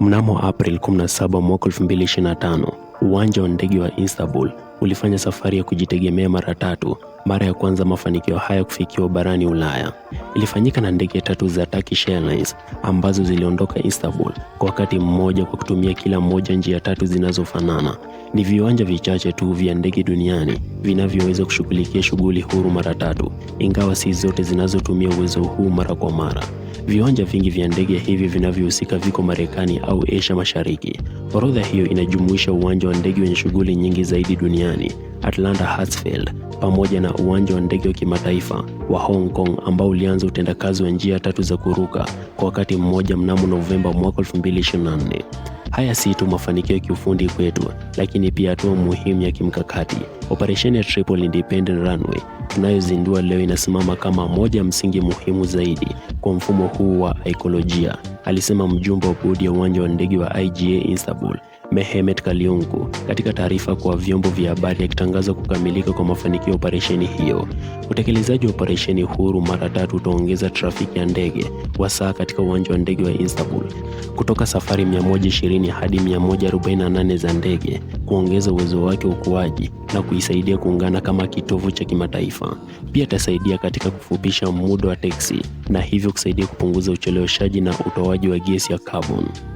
Mnamo April 17 mwaka 2025, uwanja wa ndege wa Istanbul ulifanya safari ya kujitegemea mara tatu, mara ya kwanza mafanikio haya kufikiwa barani Ulaya. Ilifanyika na ndege tatu za Turkish Airlines ambazo ziliondoka Istanbul kwa wakati mmoja kwa kutumia kila moja njia tatu zinazofanana. Ni viwanja vichache tu vya ndege duniani vinavyoweza kushughulikia shughuli huru mara tatu, ingawa si zote zinazotumia uwezo huu mara kwa mara. Viwanja vingi vya ndege hivi vinavyohusika viko Marekani au Asia Mashariki. Orodha hiyo inajumuisha uwanja wa ndege wenye shughuli nyingi zaidi duniani, Atlanta Hartsfield, pamoja na uwanja wa ndege wa kimataifa wa Hong Kong ambao ulianza utendakazi wa njia tatu za kuruka kwa wakati mmoja mnamo Novemba mwaka 2024. Haya si tu mafanikio ya kiufundi kwetu, lakini pia hatua muhimu ya kimkakati Operesheni ya triple Independent Runway tunayozindua leo inasimama kama moja ya msingi muhimu zaidi kwa mfumo huu wa ekolojia, alisema mjumbe wa bodi ya uwanja wa ndege wa IGA Istanbul Mehemet Kaliungu katika taarifa kwa vyombo vya habari akitangaza kukamilika kwa mafanikio ya operesheni hiyo. Utekelezaji wa operesheni Huru mara tatu utaongeza trafiki ya ndege wa saa katika uwanja wa ndege wa Istanbul kutoka safari 120 hadi 148 za ndege, kuongeza uwezo wake wa ukuaji na kuisaidia kuungana kama kitovu cha kimataifa. Pia itasaidia katika kufupisha muda wa teksi na hivyo kusaidia kupunguza ucheleweshaji na utoaji wa gesi ya carbon.